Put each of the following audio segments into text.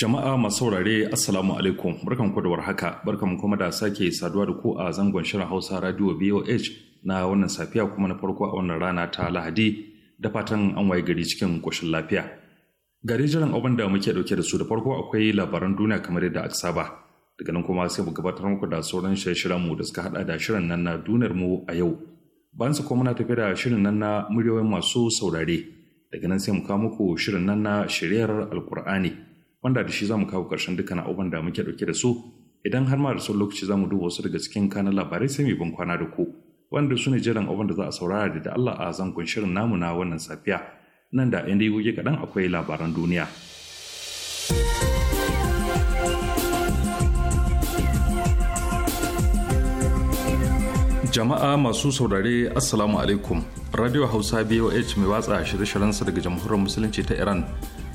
Jama'a masu saurare Assalamu alaikum barkan ku da warhaka barkan kuma da sake saduwa da ku a zangon shirin Hausa Radio BOH na wannan safiya kuma na farko a wannan rana ta Lahadi da fatan an waye gari cikin koshin lafiya. Gari jiran abin da muke dauke da su da farko akwai labaran duniya kamar yadda aka saba daga nan kuma sai mu gabatar muku da sauran shirye-shiryen mu da suka hada da shirin nan na duniyar mu a yau. Bayan su kuma muna tafi da shirin nan na muryoyin masu saurare daga nan sai mu kawo muku shirin nan na shiryar Alkur'ani. wanda da shi za mu kawo ƙarshen dukkan abubuwan da muke ɗauke da su idan har ma da son lokaci za mu duba wasu daga cikin kanan labarai sai mu bin kwana da ku wanda su ne jiran abubuwan da za a saurara da da Allah a zangon shirin namu na wannan safiya nan da yan goge kaɗan akwai labaran duniya. Jama'a masu saurare Assalamu alaikum Radio Hausa BOH mai watsa shirye-shiryensa daga Jamhuriyar Musulunci ta Iran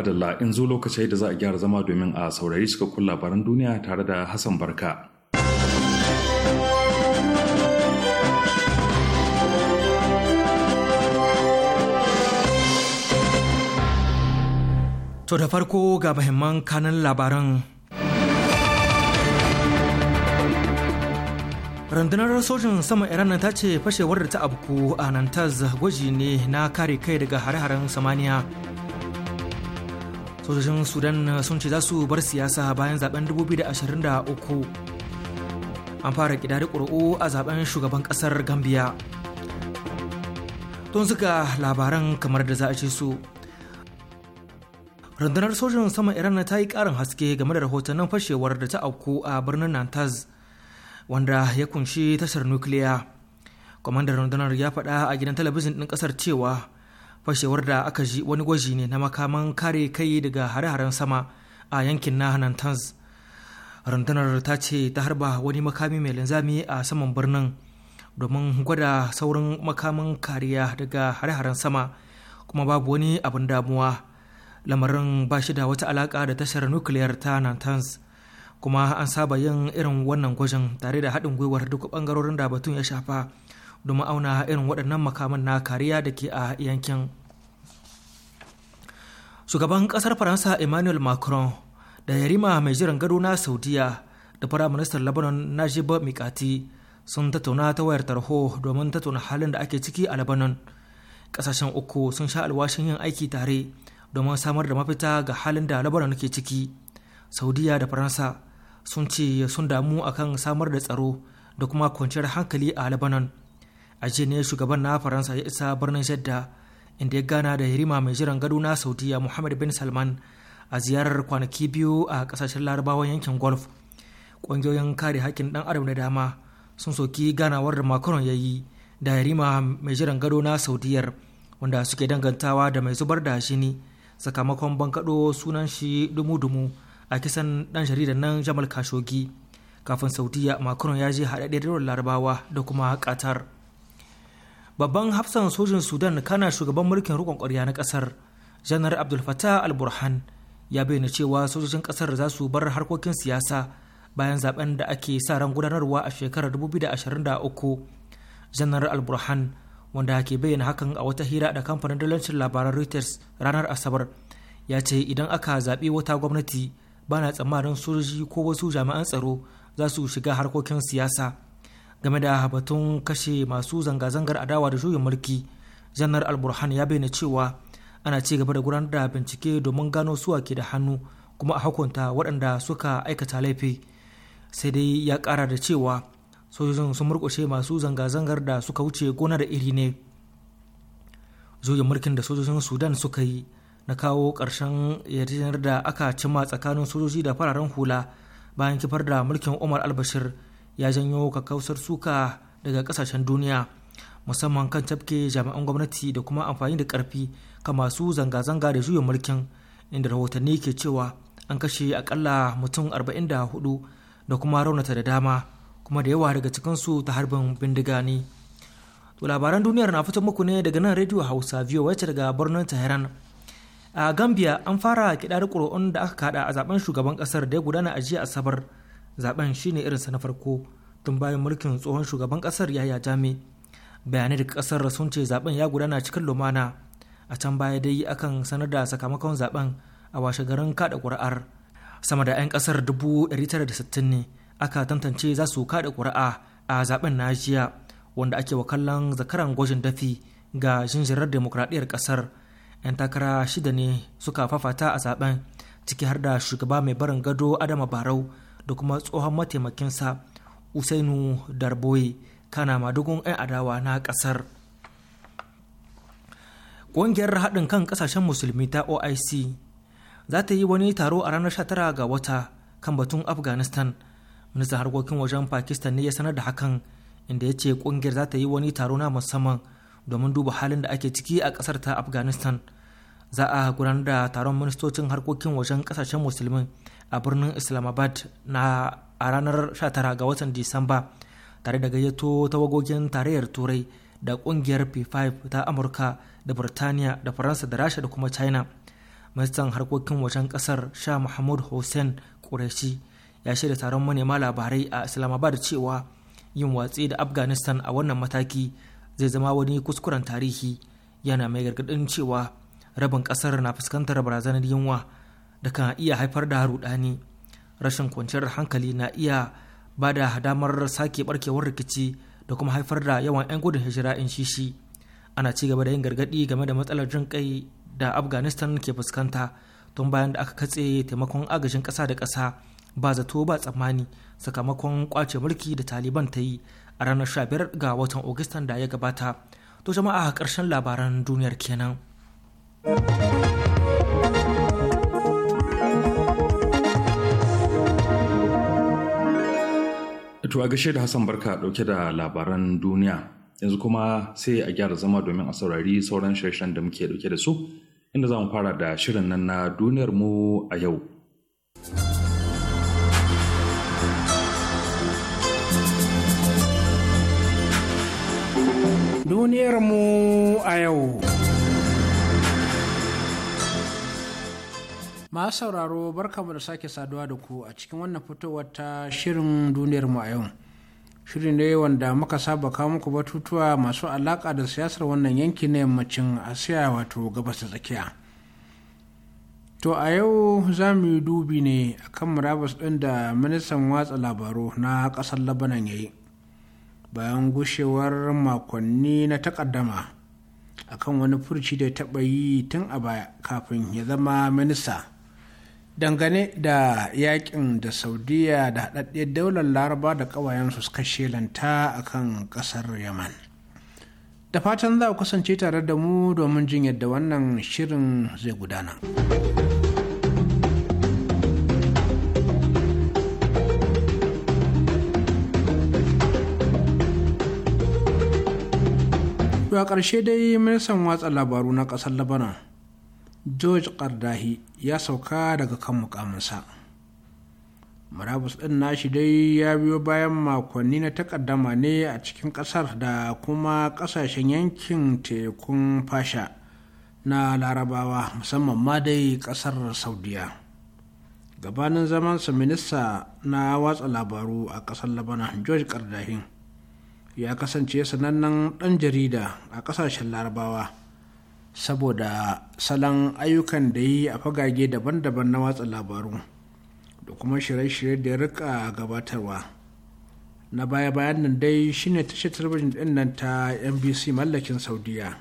madalla in zo lokacin da za a gyara zama domin a saurari cikakkun labaran duniya tare da Hassan Barka. To da farko ga muhimman kanan labaran. Rundunar sojin sama Iran ta ce fashewar da ta abku a Nantaz gwaji ne na kare kai daga hare-haren samaniya. sojojin sudan eh, sun ce za su bar siyasa bayan zaben 2023 an fara kidari ƙuri'u a zaben shugaban ƙasar gambia don suka labaran kamar da za a ce su rundunar sojin sama iran ta yi ƙarin haske game da rahotannin fashewar da ta auku a birnin nantaz wanda ya kunshi tashar nukiliya kwamandan rundunar ya faɗa a gidan talabijin ɗin ƙasar cewa fashewar da aka ji wani gwaji ne na makaman kare kai daga hare-haren sama a yankin na Natanz. Rundunar ta ce ta harba wani makami mai linzami a saman birnin domin gwada saurin makaman kariya daga hare-haren sama kuma babu wani abin damuwa. Lamarin ba shi da wata alaka da tashar nukiliyar ta Natanz. kuma an saba yin irin wannan gwajin tare da haɗin gwiwar duk ɓangarorin da batun ya shafa domin auna irin waɗannan makaman na kariya da ke a yankin shugaban ƙasar faransa emmanuel macron da yarima mai jiran gado na saudiya da firaministan lebanon najib mikati sun tattauna ta wayar tarho domin tattauna halin da ake ciki a lebanon ƙasashen uku sun sha alwashin yin aiki tare domin samar da mafita ga halin da lebanon ke ciki saudiya da faransa sun ce sun damu akan samar da tsaro da kuma kwanciyar hankali a lebanon a ce ne shugaban na faransa ya isa birnin shadda inda ya gana da hirima mai jiran gado na saudiya muhammad bin salman a ziyarar kwanaki biyu a kasashen larabawan yankin golf ƙungiyoyin kare haƙƙin ɗan adam da dama sun soki ganawar da macron ya yi da hirima mai jiran gado na saudiyar wanda suke dangantawa da mai zubar da shini sakamakon bankaɗo sunan shi dumu-dumu a kisan ɗan jaridar nan jamal kashogi kafin saudiya macron ya je haɗaɗɗen larabawa da kuma qatar babban hafsan sojin sudan kana shugaban mulkin rukun kwarya na kasar janar abdul fatah al-burhan ya bayyana cewa sojojin kasar za su bar harkokin siyasa bayan zaben da ake sa ran gudanarwa a shekarar 2023 janar al-burhan wanda ake bayyana hakan a wata hira da kamfanin dalancin labaran reuters ranar asabar ya ce idan aka zaɓi wata gwamnati bana tsammanin sojoji ko wasu jami'an tsaro za su shiga harkokin siyasa game da batun kashe masu zanga-zangar adawa da juyin mulki janar alburhan ya bayyana cewa ana ci gaba da gudanar da bincike domin gano suwa ke da hannu kuma a hukunta waɗanda suka aikata laifi sai dai ya ƙara da cewa sojojin sun murƙushe masu zanga-zangar da suka wuce gona da iri ne juyin mulkin da sojojin sudan suka yi na kawo ƙarshen yarjejeniyar da aka cimma tsakanin sojoji da fararen hula bayan kifar da mulkin umar albashir ya janyo kakkausar suka daga kasashen duniya musamman kan tafke jami'an gwamnati da kuma amfani da karfi kan masu zanga-zanga da juyin mulkin inda rahotanni ke cewa an kashe akalla mutum 44 da kuma raunata da dama kuma da yawa daga cikinsu ta harbin bindiga ne to labaran duniyar na fito muku ne daga nan radio hausa voa wacce daga birnin tehran a gambia an fara kidar ƙuri'un da aka kada a zaben shugaban kasar da ya gudana a jiya asabar zaben shine irinsa na farko tun bayan mulkin tsohon shugaban kasar yaya jami bayanai daga kasar sun ce zaben ya gudana cikin lumana a can baya dai akan sanar da sakamakon zaben a washe garin kada ƙuri'ar sama da 'yan kasar 960 ne aka tantance za su kada ƙuri'a a zaben na jiya wanda ake wa kallon zakaran gwajin dafi ga jinjirar demokradiyyar kasar 'yan takara shida ne suka fafata a zaben ciki har da shugaba mai barin gado adama barau da kuma tsohon mataimakinsa usainu darboye kana madugun 'yan adawa na kasar ƙungiyar haɗin kan ƙasashen musulmi ta oic za ta yi wani taro a ranar 19 ga wata kan batun afghanistan ministan harkokin wajen pakistan ne ya sanar da hakan inda ya ce ƙungiyar za ta yi wani taro na musamman domin duba halin da ake ciki a ƙasar ta afghanistan za a gudanar da taron ministocin harkokin wajen ƙasashen musulmi. a birnin islamabad na a ranar 19 ga watan disamba tare da gayyato ta tawagogin tarayyar turai da kungiyar p5 ta amurka da birtaniya da faransa da rasha da kuma china ministan harkokin wajen kasar sha mahmud hussein qureshi ya shirya taron manema labarai a islamabad cewa yin watsi da afghanistan a wannan mataki zai zama wani kuskuren tarihi yana mai gargadin cewa rabin kasar na fuskantar barazanar yunwa da kan iya haifar da rudani rashin kwanciyar hankali na iya ba da damar sake barkewar rikici da kuma haifar da yawan 'yan gudun hijira in shishi ana ci gaba da yin gargadi game da matsalar jin kai da afghanistan ke fuskanta tun bayan da aka katse taimakon agajin ƙasa da ƙasa ba zato ba tsammani sakamakon kwace mulki da taliban ta yi a ranar 15 ga watan ogistan da ya gabata to jama'a karshen labaran duniyar kenan. To a gashe da Hassan Barka ɗauke da labaran duniya. Yanzu kuma sai a gyara zama domin a saurari sauran shirin da muke ɗauke da su, inda za mu fara da shirin nan na duniyar mu a yau. Duniyar mu a yau. masu sauraro barkamu da sake saduwa da ku a cikin wannan fitowar ta shirin duniyar mu a yau shirin ne wanda muka saba kawo muku batutuwa masu alaka da siyasar wannan yanki na yammacin asiya wato gabas da tsakiya to a yau za mu yi dubi ne a kan murabus ɗin da ministan watsa labaru na ƙasar labanan ya yi bayan gushewar makonni na takaddama kan wani furci da taɓa yi tun a baya kafin ya zama minista dangane da yakin da saudiya da haɗaɗɗiyar daular laraba da ƙawayen su suka shelanta a kan ƙasar yaman da fatan za kusance kasance tare da mu domin jin yadda wannan shirin zai gudana a ƙarshe dai ministan watsa labaru na ƙasar labanan george kardahi ya sauka daga kan mukaminsa murabus ɗin nashi dai ya biyo bayan makonni na takaddama ne a cikin ƙasar da kuma ƙasashen yankin tekun fasha na larabawa musamman ma dai ƙasar saudiya gabanin zamansa minista na watsa labaru a ƙasar Labana, george kardahin ya kasance sanannen ɗan jarida a ƙasashen larabawa saboda salon ayyukan da yi a fagage daban-daban na watsa labaru da kuma shirye-shirye da ya rika gabatarwa na baya-bayan nan dai shine tashar talabijin din nan ta nbc mallakin saudiya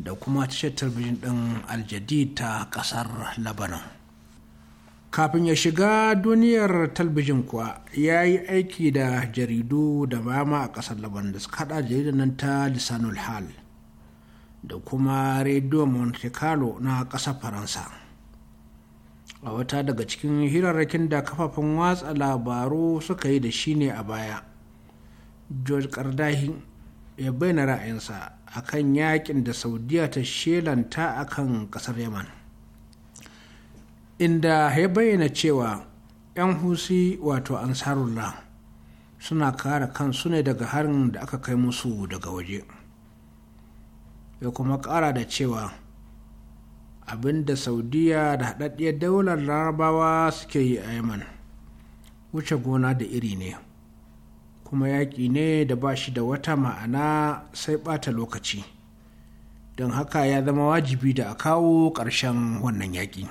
da kuma tashar talabijin din aljadi ta kasar labanan kafin ya shiga duniyar talbijin kuwa ya yi aiki da jaridu da bama a kasar labanan da suka hada jaridar nan ta lisanul hal da kuma radio monte carlo na ƙasar faransa a wata daga cikin hirarrakin da kafafen watsa labaru suka yi da shi ne a baya george kardahi ya bayyana ra'ayinsa a kan yakin da saudiya ta shelanta kan ƙasar yaman inda ya bayyana cewa 'yan husi wato ansarullah suna kare kansu ne daga harin da aka kai musu daga waje. ya kuma ƙara da cewa abin da saudiya da haɗaɗɗiyar daular larabawa suke yi a yaman wuce gona da iri ne kuma yaƙi ne da ba shi da wata ma'ana sai ɓata lokaci don haka ya zama wajibi da a kawo ƙarshen wannan yaƙi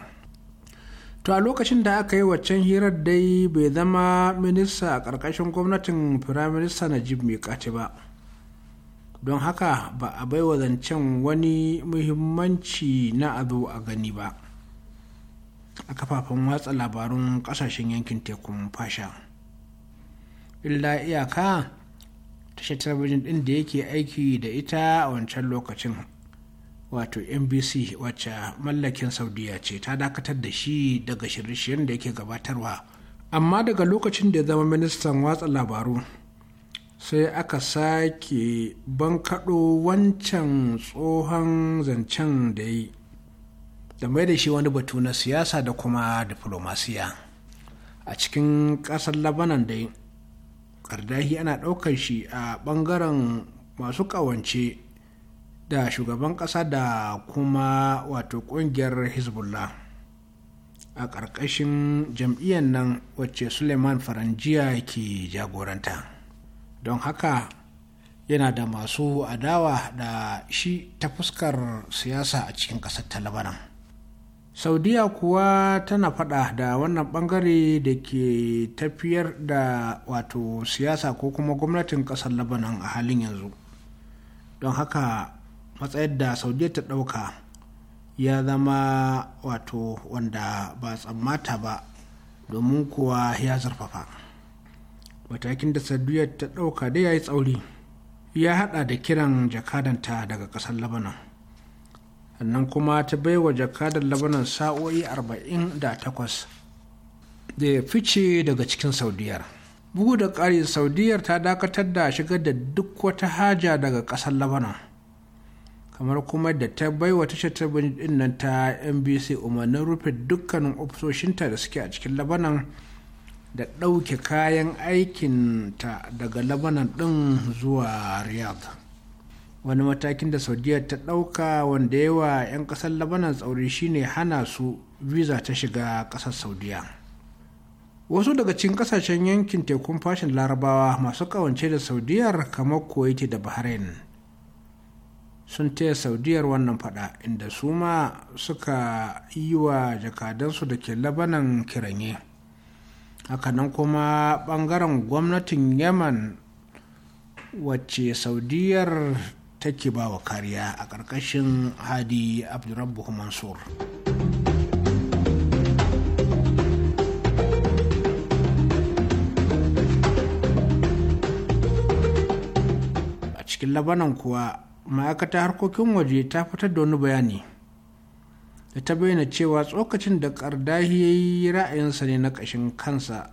to a lokacin da aka yi waccan hirar dai bai zama minista a ƙarƙashin gwamnatin firaminista najib mai ba don haka ba a bai wa zancen wani muhimmanci na azo a gani ba a kafafen watsa labarun kasashen yankin tekun fasha illa iyaka tashar talabijin din da yake aiki da ita a wancan lokacin wato nbc wacce mallakin saudiya ce ta dakatar da shi daga shirye-shiryen da yake gabatarwa amma daga lokacin da ya zama ministan watsa labaru sai aka sake bankaɗo wancan tsohon zancen da yi da mai da shi wani batu na siyasa da kuma diflomasiya a cikin ƙasar labanan yi ƙardahi ana ɗaukar shi a ɓangaren masu ƙawance da shugaban ƙasa da kuma wato ƙungiyar hezbollah a ƙarƙashin jam'iyyar nan wacce suleiman faranjiya ke jagoranta don haka yana da masu adawa da shi ta fuskar siyasa a cikin ƙasar ta labanan saudiya kuwa tana fada da wannan bangare da ke tafiyar da wato siyasa ko kuma gwamnatin ƙasar labanan a halin yanzu don haka matsayar da saudiya ta ɗauka ya zama wato wanda ba tsammata ba domin kuwa ya zurfafa. matakin da saduyar ta ɗauka da ya yi tsauri ya haɗa da kiran jakadanta daga ƙasar labanan sannan kuma ta baiwa jakadar labanan sa'o'i 48 da ya fice daga cikin saudiyar bugu da ƙari saudiyar ta dakatar da shigar da duk wata haja daga ƙasar labanan kamar kuma da ta baiwa tashar tabin nan ta nbc umarnin rufe dukkanin ofisoshinta da suke a cikin labanan da ɗauke kayan aikinta daga labanan ɗin zuwa riyadh wani matakin da saudiya ta ɗauka wanda yawa 'yan ƙasar labanan tsauri shine hana su visa ta shiga ƙasar saudiya wasu daga cikin ƙasashen yankin tekun fashin larabawa masu ƙawance da saudiyar kamar kuwait da bahrain sun taya saudiyar wannan fada inda su ma suka yi wa jakadansu da ke labanan kiranye. hakanan kuma bangaren gwamnatin yaman wacce saudiyar take ba wa kariya a ƙarƙashin hadi abdurrabbu mansur a cikin labanan kuwa ma'aikatar harkokin waje ta fitar da wani bayani da ta bayyana cewa tsokacin da kardahi ya yi ra'ayinsa ne na ƙashin kansa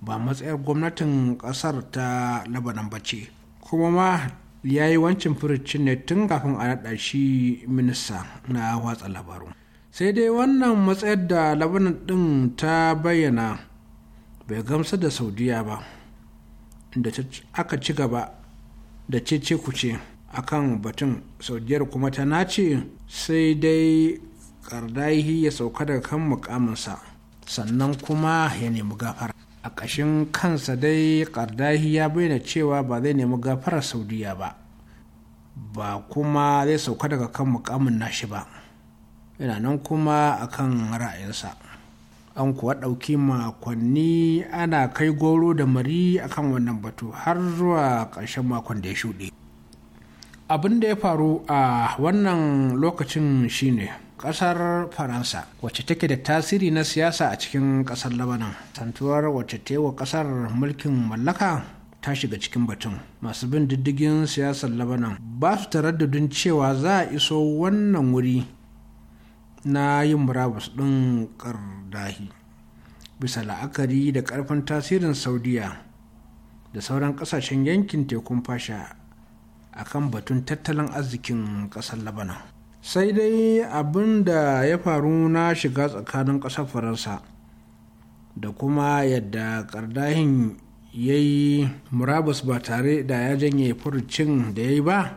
ba matsayar gwamnatin ƙasar ta labanan ba ce kuma ma ya yi wancin furicin ne tun kafin a naɗa shi minista na watsa labaru sai dai wannan matsayar da labanan ɗin ta bayyana bai gamsa da saudiya ba da aka ci gaba da ku kuce akan batun saudiyar kuma ta nace sai dai Kardahi ya sauka daga kan mukaminsa sannan kuma ya nemi gafara a ƙashin kansa dai kardahi ya bayyana cewa ba zai nemi gafarar saudiya ba ba kuma zai sauka daga kan mukamin nashi ba yana nan kuma kan ra'ayinsa an kuwa ɗauki makonni ana kai goro da mari akan wannan batu har zuwa ƙarshen makon da ya shuɗe abin da ya faru a wannan lokacin shine kasar faransa wacce take da tasiri na siyasa a cikin kasar labanan santuwar wacce ta yi wa kasar mulkin mallaka ta shiga cikin batun masu bin diddigin siyasar labanan ba su taraddadin cewa za a iso wannan wuri na yin murabus ɗin kardahi bisa la'akari da ƙarfin tasirin saudiya da sauran ƙasashen yankin tekun fasha akan batun tattalin arzikin ƙasar labanan sai dai abin da ya faru na shiga tsakanin ƙasar faransa da kuma yadda ƙardahin ya yi murabus ba tare da ya janye furucin da ya yi ba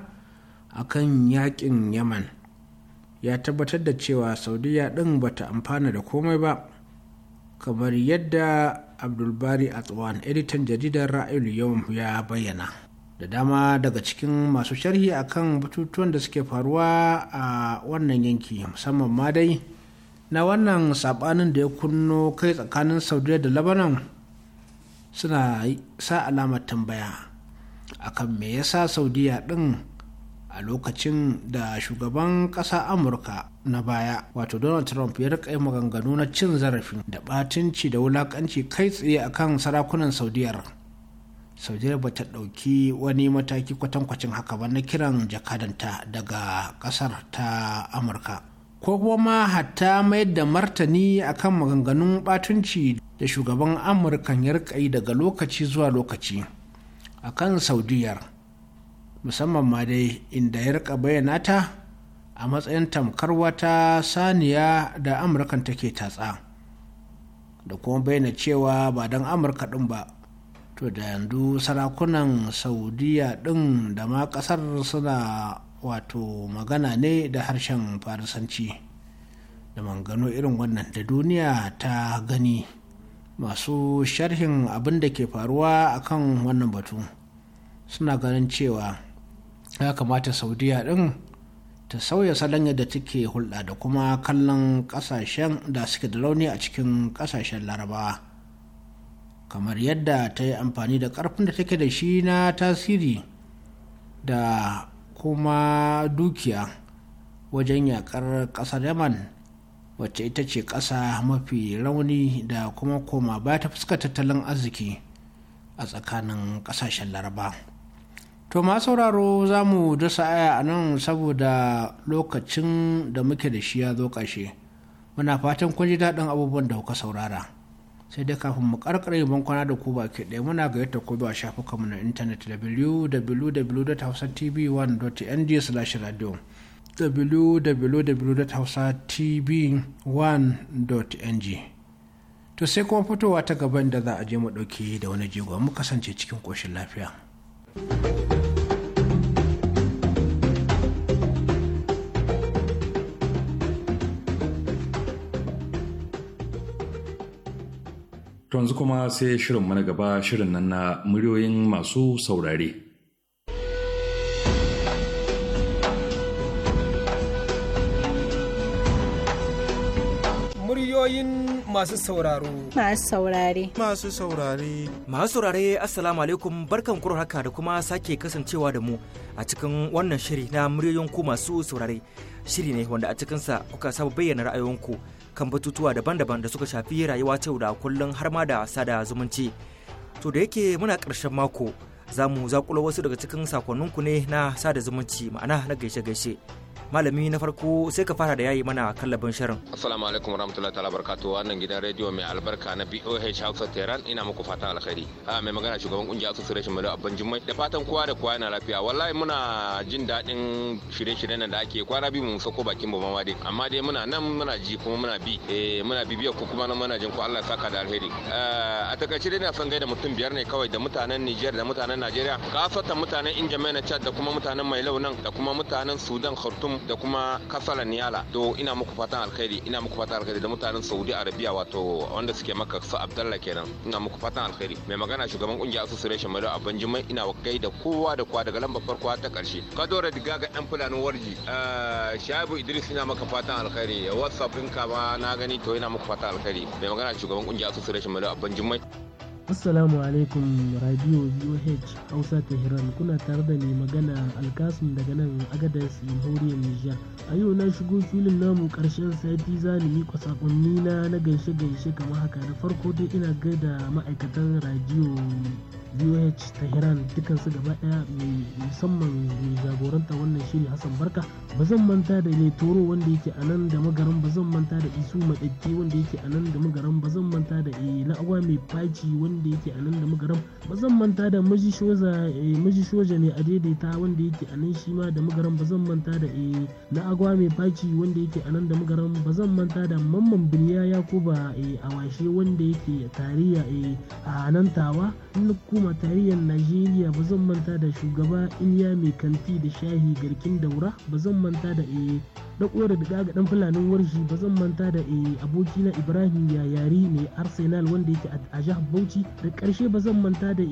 a kan yaƙin yaman ya tabbatar da cewa saudiya ɗin ta amfana da komai ba kamar yadda abdulbari atwan editan jaridar ra'ayul yawon ya bayyana da dama daga cikin masu sharhi akan batutuwan da suke faruwa a wannan yanki musamman ma dai na wannan sabanin da ya kunno kai tsakanin saudiya da labanan suna sa alamar tambaya akan me yasa saudiya din a lokacin da shugaban ƙasa amurka na baya wato donald trump ya rika maganganu na cin zarafin da batunci da wulakanci kai tsaye akan sarakunan saudiyar saudiya ba ta ɗauki wani mataki kwatankwacin haka ba na kiran jakadanta daga ƙasar ta amurka ko kuma ma hatta mayar da martani akan maganganun batunci da shugaban amurkan ya rikai daga lokaci zuwa lokaci akan saudiyar musamman ma dai inda ya rika bayyana ta a matsayin tamkar wata saniya da amurkan take tatsa da kuma bayyana cewa ba don amurka ɗin ba to da yanzu sarakunan saudiya ɗin da ma ƙasar suna wato magana ne da harshen farisanci da mangano irin wannan da duniya ta gani masu sharhin abin da ke faruwa a kan wannan batu suna ganin cewa ya kamata saudiya ɗin ta sauya salon yadda take hulɗa da kuma kallon ƙasashen da suke da rauni a cikin ƙasashen larabawa kamar yadda ta yi amfani da ƙarfin da take da shi na tasiri da kuma dukiya wajen yakar ƙasar yaman wacce ita ce ƙasa mafi rauni da kuma koma ba ta fuska tattalin arziki a tsakanin ƙasashen laraba to ma sauraro za mu dasa aya a nan saboda lokacin da muke da shi ya zo ƙarshe muna fatan kun ji daɗin abubuwan da kuka saurara. sai dai kafin mu karkare ban kwana da ku baki ɗaya muna ga yadda ku shafukan mu na intanet www.hausatv1.ng/radio www.hausatv1.ng to sai kuma fitowa ta gaban da za a je mu ɗauki da wani jigo mu kasance cikin ƙoshin lafiya. thank you To yanzu kuma sai shirin mana gaba shirin nan na muryoyin masu saurare. Muryoyin masu sauraro. Masu saurare. Masu saurare. Masu saurare Assalamu alaikum barkan kuro haka da kuma sake kasancewa da mu a cikin wannan shiri na muryoyin ku masu saurare. Shiri ne wanda a cikinsa kuka saba bayyana ra'ayoyinku. kan batutuwa daban-daban da suka shafi rayuwa ta da kullum har ma da sada zumunci. To da yake muna ƙarshen mako za mu wasu daga cikin sakonninku ne na sada zumunci ma'ana na gaishe-gaishe. malami na farko sai ka fara da yayi mana kallabin shirin assalamu alaikum warahmatullahi ta'ala barkatu wannan gidan radio mai albarka na BOH Hausa Tehran ina muku fatan alkhairi a ah, mai magana shugaban kungiyar association Malu Abban Jummai da fatan kowa da kowa yana lafiya wallahi muna jin daɗin shirye-shiryen nan da ake kwana biyu mun sako bakin mu ma dai amma dai muna nan muna ji kuma muna bi eh muna bibiyar ku kuma nan muna jin ku Allah saka da alheri ah, a takaice dai na san gaida mutum biyar ne kawai da mutanen Niger da mutanen Najeriya kafatan mutanen Injamena Chad da kuma mutanen Mailau nan da kuma mutanen Sudan Khartoum da kuma kasala niyala to ina muku fatan alkhairi ina muku fatan alkhairi da mutanen saudi arabia wato wanda suke maka su abdallah kenan ina muku fatan alkhairi mai magana shugaban kungiyar association mai abban jimai ina wakai da kowa da kowa daga lambar farko ta karshe kadora diga ga yan fulanin warji eh, shabu idris ina maka fatan alkhairi whatsapp ɗinka ma na gani to ina muku fatan alkhairi mai magana shugaban kungiyar association mai abban jimai Assalamu alaikum Radio VOH Hausa Tehran kuna tare da mai magana alkasun daga nan Agadez Jamhuriyar Nijar. A yau na shigo filin namu karshen sati za ni miƙa sakonni na na gaishe gaishe kamar haka da farko dai ina gaida ma'aikatan Radio voh tehran su gaba daya mai musamman mai jagoranta wannan shiri hassan barka ba zan manta da Toro wanda yake a nan da magaran ba zan manta da isu madakki wanda yake a nan da magaran ba zan manta da na mai faci wanda yake a nan da magaran ba zan manta da maji eh, shoja ne a daidaita wanda yake a nan shi ma da magaran ba zan manta da eh, na agwa mai faci wanda yake a nan da magaran ba zan manta da mamman biniya yakuba eh, a washe wanda yake tariya a nan tawa hukumar tarayyar najeriya ba zan manta da shugaba iliya mai kanti da shahi garkin daura ba zan manta da eh da kore daga ga dan fulanin warshi ba zan manta da eh, na ibrahim ya yari mai arsenal wanda yake a jihar bauchi da karshe ba zan manta da eh,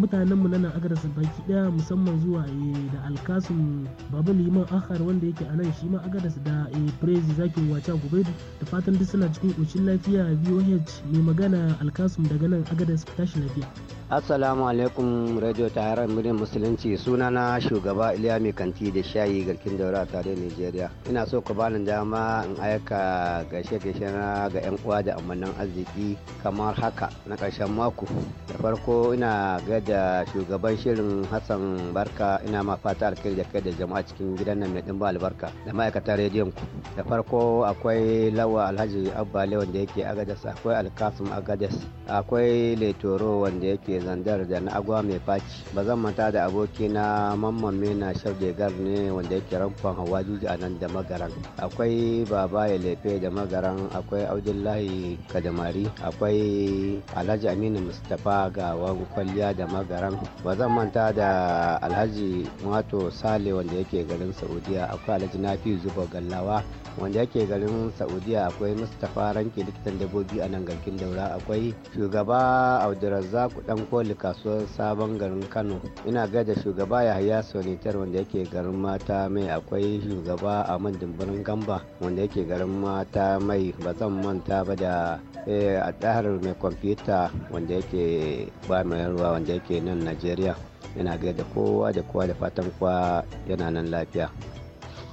mutanenmu na nan agarsa baki daya musamman zuwa eh, da alkasum babu liman akhar wanda yake a nan shi ma da prezi zaki wacha gobe da fatan duk suna cikin ƙoshin lafiya voh mai magana alkasum daga nan agadas tashi lafiya assalamu alaikum radio tayaran murin musulunci sunana shugaba iliya mai kanti da shayi garkin daura tare nigeria ina so ka bani dama in aika gaishe gaishe na ga yan uwa da amannan arziki kamar haka na ƙarshen mako da farko ina gaida shugaban shirin hassan barka ina ma fata da kai da jama'a cikin gidan nan mai ɗimba albarka da ma'aikatan rediyon ku da farko akwai lawa alhaji abba wanda yake agadas akwai alkasum agadas akwai letoro wanda yake zandar da na agwa mai faci ba zan manta da abokina mamman mena shaudegar ne wanda yake ramfan hawa juji a nan da magaran akwai baba ya lefe da magaran akwai abdullahi kadamari akwai alhaji aminu mustapha wani kwalliya da magaran ba zan manta da alhaji wato sale wanda yake garin saudiya akwai alhaji nafi zuba gallawa wanda yake garin saudiya akwai mustapha ranke likitan dabbobi a nan garkin daura akwai shugaba abdulrazak dan koli kasuwar sabon garin kano ina gaida shugaba yahaya sonitar wanda yake garin mata mai akwai shugaba a man dimbirin gamba wanda yake garin mata mai ba zan manta ba da eh, a mai kwamfuta wanda yake ba mai ruwa wanda yake nan najeriya yana gaida kowa da kowa da fatan kowa yana nan lafiya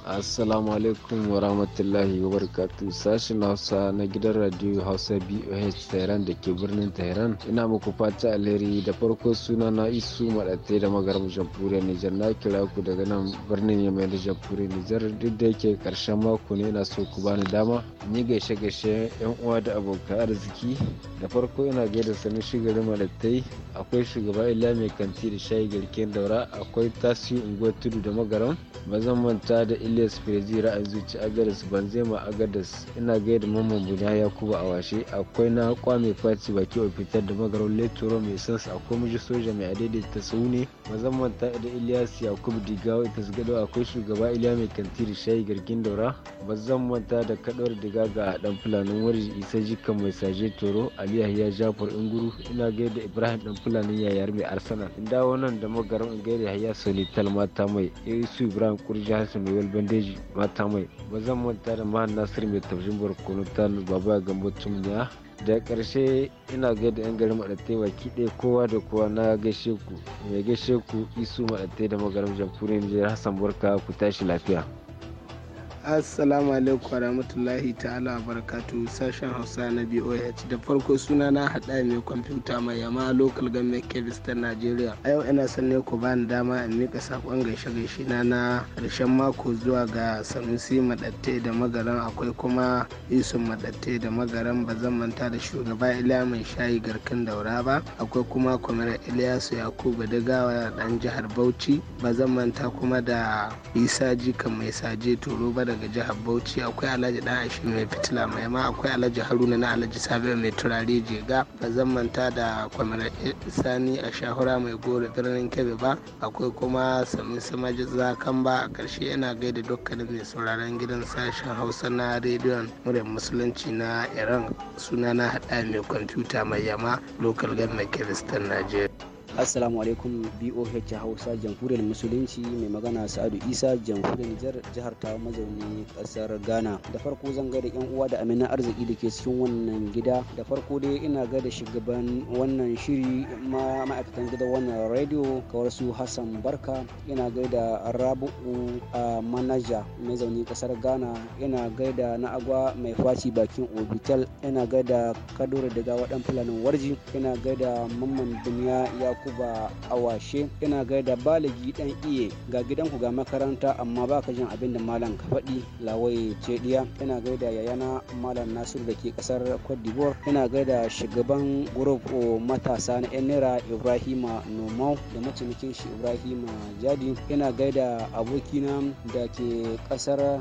assalamu alaikum wa rahmatullahi wa barakatu sashen hausa na gidan radio hausa boh tehran da ke birnin tehran ina muku fata alheri da farko suna na isu maɗatai da magaram jamhuriyar nijar na kira ku daga nan birnin yamai da jamhuriyar nijar duk da yake karshen mako ne na so ku bani dama ni gaishe gaishe yan uwa da abokan arziki da farko ina gaida sanin shigarin maɗatai akwai shugaba ila mai kanti da shayi garken daura akwai tasiri unguwar tudu da magaram ba zan manta da ila Julius Firji ra'ayin zuci Agadas Banzema Agadas ina gaida Mamman Buja Yakubu a washe akwai na kwame faci baki fitar da magarin Leturo mai sans akwai miji soja mai adaidaita sune mazamman ta da Ilyas Yakubu Digawa ita gado akwai shugaba Iliya mai kantiri shayi gargin daura bazan manta da kadawar diga ga dan fulanin warji isa jikan mai saje toro Ali Yahya Jafar Inguru ina gaida Ibrahim dan fulanin yayar mai Arsenal inda wannan da magarin in gaida Yahya Solital mata mai Isu Ibrahim Kurji Hassan mai bandeji mata mai ba zan manta da mahan nasir mai tafshin barkono ta baba ya gambo tumniya da karshe ina da yan garin madatai baki ɗaya kowa da kowa na gaishe ku mai gaishe ku isu madatai da magaram jamhuriyar nijar hassan barka ku tashi lafiya assalamu alaikum warahmatullahi ta'ala barakatu sashen hausa na boh da farko suna na hada mai kwamfuta mai yama local government kebis ta nigeria a yau ina son ne ku ba ni dama in mika sakon gaishe gaishe na na karshen mako zuwa ga sanusi madatte da magaran akwai kuma yusuf madatte da magaran ba zan manta da shugaba iliya mai shayi garkin daura ba akwai kuma kwamar iliyasu yakubu dagawa dan jihar bauchi ba zan manta kuma da isa jika mai saje toro ba da daga jihar bauchi akwai alhaji dan ashi mai fitila mai ma akwai alhaji haruna na alhaji sabiu mai turare jega ba zan manta da kwamar sani a shahura mai goro birnin kebe ba akwai kuma sami samaji zakan ba a karshe yana gaida dukkanin mai sauraron gidan sashen hausa na rediyon muryar musulunci na iran suna na haɗa mai kwamfuta mai yama lokal gan mai kiristan najeriya assalamu alaikum boh hausa jamhuriyar musulunci mai magana sa'adu isa jamhuriyar nijar jihar ta mazauni kasar ghana da farko zan ga da yan uwa da amina arziki da ke cikin wannan gida da farko dai ina gaida shugaban wannan shiri ma ma'aikatan gida wannan radio kawar su hassan barka ina gaida rabu'u a manaja mai zauni kasar ghana ina gaida na agwa mai faci bakin obital ina gaida kadura daga waɗan fulanin warji ina gaida mamman duniya ya Ku ba a awashe ina gaida baligi dan iye ga gidanku ga makaranta amma baka jin abin da malam ka faɗi lawaye ce diya ina gaida yayana malam nasiru da ke kasar cote d'ivoire ina gaida shugaban group matasa na yan naira ibrahima nomau da mataimakin shi ibrahima jadi ina gaida abokina da ke kasar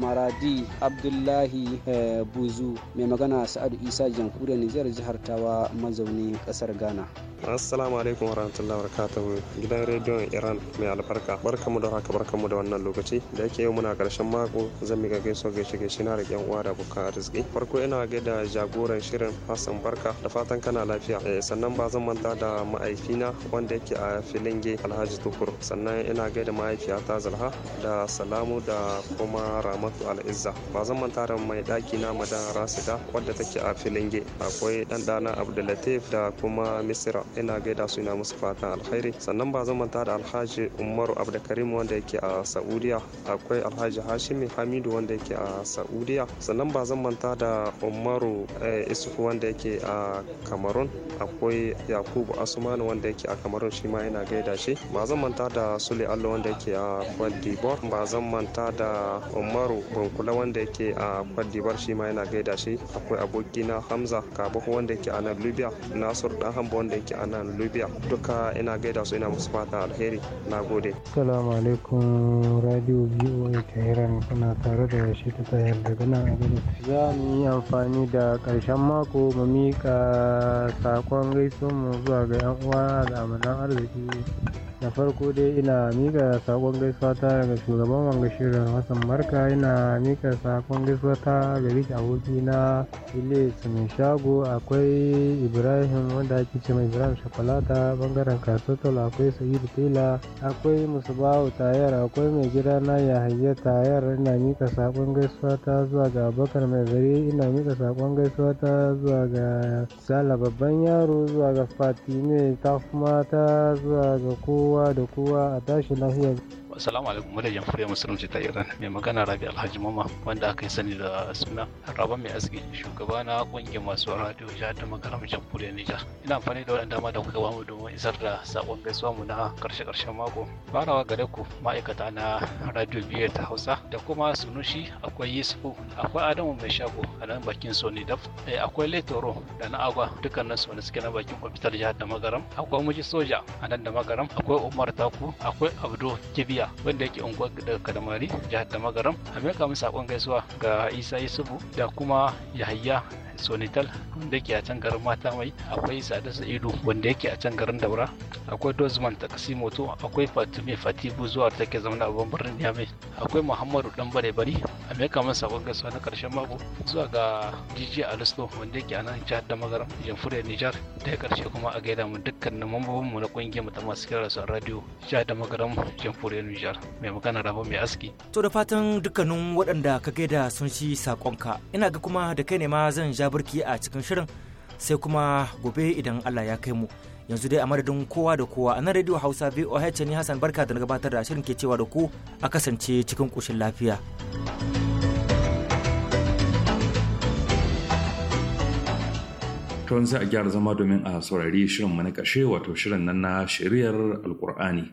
maradi abdullahi e, buzu mai magana sa'adu isa jamhuriyar nijar jihar tawa mazaunin kasar ghana assalamu alaikum warahmatullahi wabarakatuh gidan rediyon Iran mai albarka. mu da haka mu da wannan lokaci da yake yau muna karshen mako zan ga gaisuwa ga gaishe na riƙen uwa da abokan arziki. Farko ina da jagoran shirin Hassan Barka da fatan kana lafiya. Eh, sannan ba zan manta da ma'aikina wanda yake a Filinge Alhaji Tukur. Sannan ina gaida mahaifiyata Zalha da Salamu da kuma Ramatu Al'izza. Ba zan manta da mai daki na Madan Rasida wanda take a Filinge. Akwai dan dana Abdulatif da kuma Misira. Ina gaida su suna ina musu fatan alkhairi sannan ba zan manta da alhaji umaru abdulkarim wanda yake a saudiya akwai alhaji hashimi hamidu wanda yake a saudiya sannan ba zan manta da umaru eh, isufu wanda yake a kamarun akwai yakubu asumanu wanda yake a kamarun shi ma yana gaida shi ba zan manta da sule allo wanda yake a kwadibar ba zan manta da umaru bankula wanda yake a kwadibar shi ma yana gaida shi akwai abokina hamza kabahu wanda yake a nan libya nasur dan hamba wanda yake a nan libya duka ina gaida su ina musu fatan alheri na gode salamu alaikum radio voa tehran kuna tare da shi ta tayar daga nan a gani za mu yi amfani da ƙarshen mako mu mika sakon gaisuwa mu zuwa ga yan uwa da amanan arziki Na farko dai ina mika sakon gaisuwa ta daga shugaban wanga shirin hassan marka ina mika sakon gaisuwa ta gari aboki na ile mai shago akwai ibrahim wanda ake ce mai ibrahim shakwalata bangaren kasotol akwai sa'idu tela akwai musu bawo tayar akwai mai gida na yahaya tayar ina mika sakon gaisuwa ta zuwa ga abokan mai zare ina mika sakon gaisuwa ta zuwa ga sala babban yaro zuwa ga fatime ta kuma ta zuwa ga ko kowa da kowa a tashi lafiya Assalamu alaikum wadda da jamhuriyar musulunci ta Iran mai magana Rabi Alhaji Mama wanda aka yi sani da suna Raba mai aski shugaba na kungiyar masu radio jihar ta makaram jamhuriyar Nijar. Ina amfani da wadanda dama da kuka bamu domin isar da sakon gaisuwa mu na karshe karshen mako. Farawa gare ku ma'aikata na radio biyar ta Hausa da kuma Sunushi akwai Yusufu akwai Adamu mai shago a nan bakin Sony Daf eh, akwai Letoro da na Agwa dukkanin su wanda suke na bakin kwamfutar jihar da magaram akwai Muji Soja a nan da akwai Umar Taku akwai Abdo Kibi tarayya wanda yake unguwar daga kadamari jihar da magaram a ya mu saƙon gaisuwa ga isa yusufu da kuma yahaya sonital wanda yake a can garin mata mai akwai sada ido wanda yake a can garin daura akwai dozman moto akwai fatume fatibu zuwa ke zama a birnin mai akwai muhammadu dan bare bari a mai kamar sabon gaisuwa na karshen mako zuwa ga jiji alisto wanda yake a nan jihar da magaram jamhuriyar nijar da karshe kuma a gaida mu dukkanin mambobinmu na kungiyar mu ta masu kira da son radio jihar da magaram jamhuriyar nijar mai magana rabo mai aski. to da fatan dukkanin waɗanda ka gaida sun shi saƙonka ina ga kuma da kai ne ma zan ja a cikin shirin sai kuma gobe idan Allah ya kai mu yanzu dai a madadin kowa da kowa a nan radio hausa voh ne hassan barka da na gabatar da shirin ke cewa da ku a kasance cikin ƙoshin lafiya tun za a gyara zama domin a saurari shirin na ƙashe wato shirin nan na shiriyar alkur'ani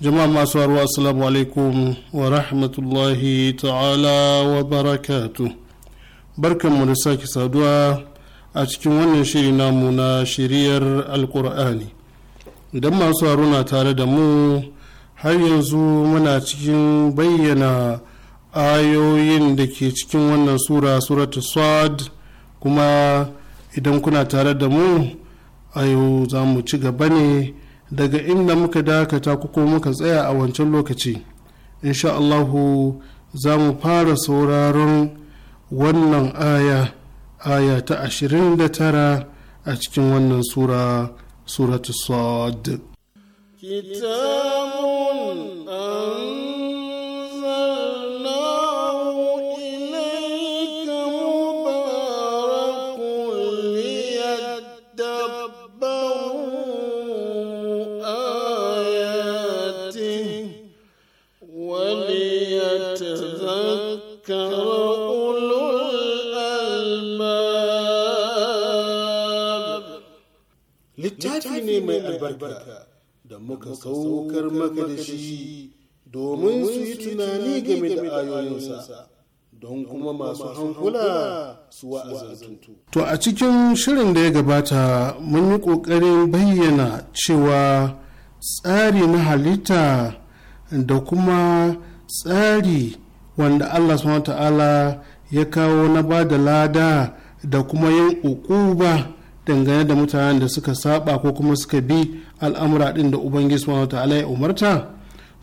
jama'a masu haru assalamu alaikum wa rahmatullahi ta'ala wa barakatu mu da sake saduwa a cikin wannan shiri namu na shiriyar alkur'ani idan masu haru na tare da mu har yanzu muna cikin bayyana ayoyin da ke cikin wannan sura suratu swad kuma idan kuna tare da mu a yau za mu ci gaba ne daga inda muka dakata ko muka tsaya a wancan lokaci insha Allahu za mu fara sauraron wannan aya aya ta 29 a cikin wannan sura suratul sad kitabun mai albarka da muka saukar maka da shi domin su yi tunani game da ayoyinsa don kuma masu hankula su wa'azantu. To a cikin shirin da ya gabata mun yi ƙoƙarin bayyana cewa tsari na halitta da kuma tsari wanda Allah subhanahu ta'ala ya kawo na ba da lada da kuma yin ukuba dangane da mutanen da suka saba ko kuma suka bi al'amura ɗin da ubangiji subhanahu ta'ala ya umarta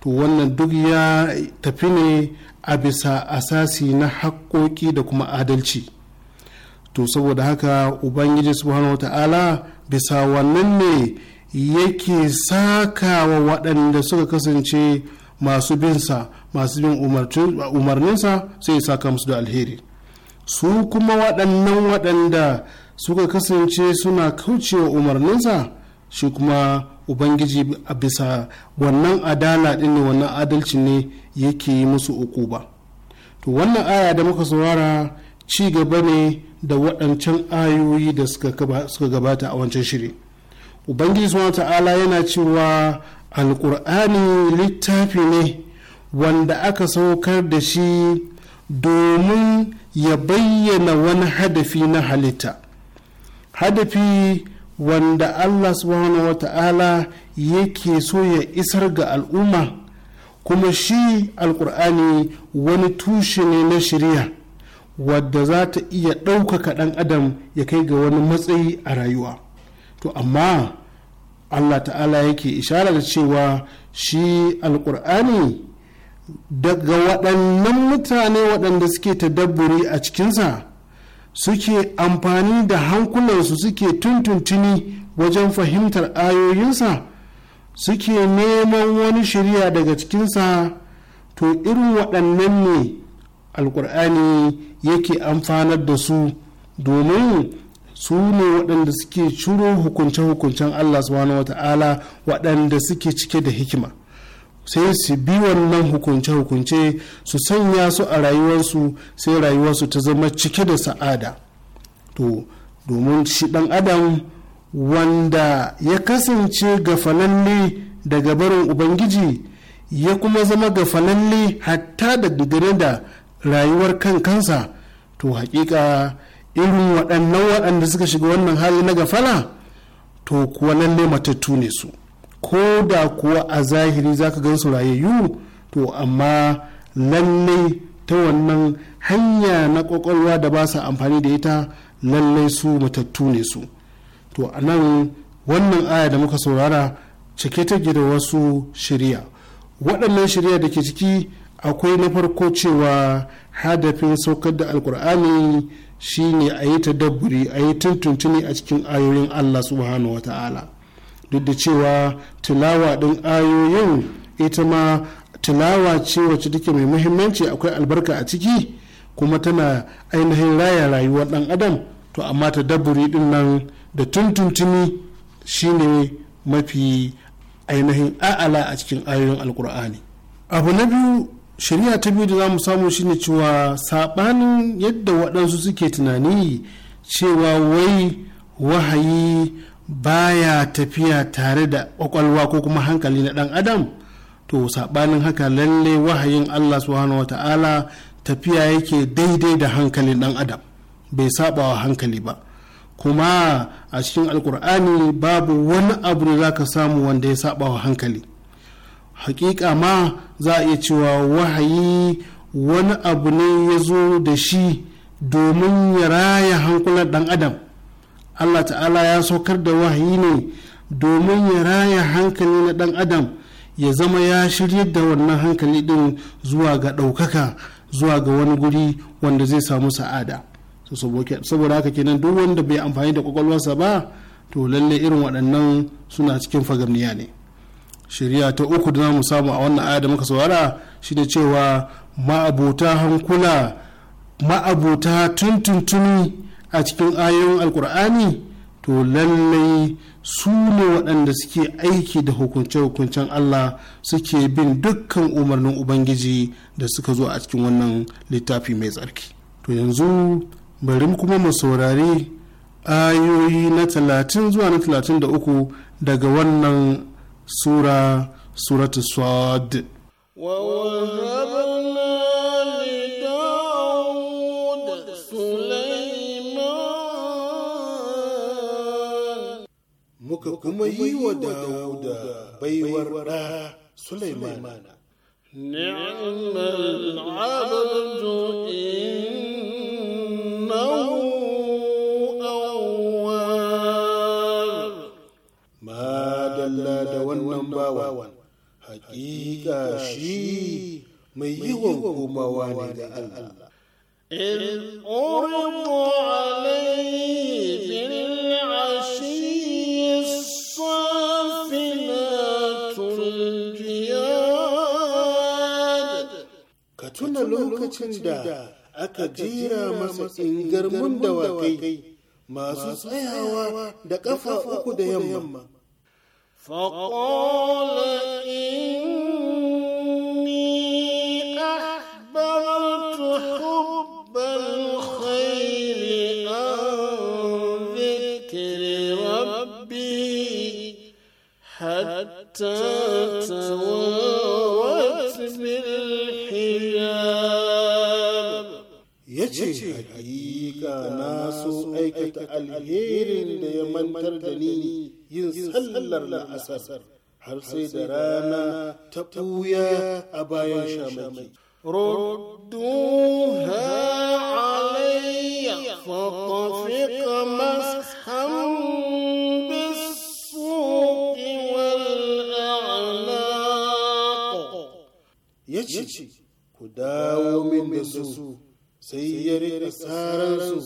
to wannan duk ya tafi ne a bisa asasi na haƙƙoƙi da kuma adalci to saboda haka ubangiji subhanahu ta'ala bisa wannan ne yake sakawa waɗanda suka kasance masu binsa masu bin umarninsa sai ya saka musu da alheri su kuma waɗannan waɗanda suka kasance suna kaucewa umarninsa shi kuma ubangiji a bisa wannan adala ɗin ne wannan adalci ne yake yi musu uku ba to wannan aya da muka saurara ci gaba ne da waɗancan ayoyi da suka gabata a wancan shiri ubangiji suna ta'ala yana cewa alkur'ani littafi ne wanda aka saukar da shi domin ya bayyana wani hadafi na halitta hadafi wanda allah subhanahu wa ta'ala yake so ya isar ga al'umma kuma shi alkur'ani wani tushe ne na shirya wadda za ta iya ɗaukaka ɗan adam ya kai ga wani matsayi a rayuwa to amma allah ta'ala yake ishara da cewa shi alkur'ani daga waɗannan mutane waɗanda suke tadabburi a cikinsa suke amfani da hankulansu suke tuntuntuni wajen fahimtar ayoyinsa suke neman wani shirya daga cikinsa to irin waɗannan ne alkur'ani yake amfanar da su domin su ne waɗanda suke ciro hukunce-hukuncen allah subhanahu ta'ala waɗanda suke cike da hikima sai su bi wannan hukunce-hukunce su sanya su a rayuwarsu sai rayuwarsu ta zama cike da sa'ada to domin shi dan adam wanda ya kasance gafalalle daga barin ubangiji ya kuma zama gafalalle hatta da digire da rayuwar kan kansa to hakika irin waɗannan waɗanda suka shiga wannan hali na gafala to kuwa lalle matattu ne su ko da kuwa a zahiri za ka gansu rayayyu to amma lallai ta wannan hanya na kwakwalwa da ba sa amfani da ita lallai su matattu ne su to a nan wannan aya da muka saurara cike ta da wasu shirya waɗannan shirya da ke ciki akwai na farko cewa hadafin saukar da alkur'ani shine a yi ta tadabburi a yi tuntuntuni a cikin ayoyin allah subhanahu wa ta'ala duk da cewa tilawa ɗin ayoyin ita ma tilawa ce wacce take mai muhimmanci akwai albarka a ciki kuma tana ainihin raya rayuwar ɗan adam to amma ta daburi ɗin nan da tuntuntuni shine mafi ainihin a'ala a cikin ayoyin alkur'ani abu na biyu shari'a ta biyu da za mu samu shine cewa saɓanin yadda waɗansu suke tunani cewa wai wahayi baya tafiya tare da kwakwalwa ko kuma hankali na dan adam to sabanin haka lalle wahayin Allah subhanahu wata'ala tafiya yake daidai da hankalin dan adam bai saba wa hankali ba kuma a cikin alkur'ani babu wani abu da zaka samu wanda ya saba wa hankali hakika ma za a iya cewa wahayi wani abu ne ya zo da shi domin ya raya hankulan dan adam allah ta'ala ya saukar da wahayi ne domin ya raya hankali na ɗan adam ya zama ya shirya da wannan hankali din zuwa ga ɗaukaka zuwa ga wani guri wanda zai samu sa'ada saboda haka kenan duk wanda bai amfani da kwakwalwarsa ba to lalle irin waɗannan suna cikin fagamniya ne shirya ta uku da mu samu a wannan aya muka saurara shine cewa ma'abuta hankula ma'abota tuntuntuni a cikin ayoyin alkur'ani to lallai su ne waɗanda suke aiki da hukunce-hukuncen Allah suke bin dukkan umarnin Ubangiji da suka zo a cikin wannan littafi mai tsarki. To yanzu bari kuma mu saurari ayoyi na talatin zuwa na talatin da uku daga wannan sura suratu swad. ka kuma yi wa Dawuda baiwar ɗa Sulaimana. Ni'mal abdu innahu awwab. Madalla da wannan bawan, hakika shi mai yi wa komawa ne ga Allah. إذ عرض عليه بالعشي Ka tuna lokacin da aka jira masa da dawakai masu tsayawa da ƙafa uku da yamma. فقال تطوت بالحجاب يجي حقيقة ناسو أيكت من تردنين ينسلر لأسر هل سيدرانا تبويا أبايا شامي ردوها علي فطفق مسحم ce ku dawo min da su sai ya rika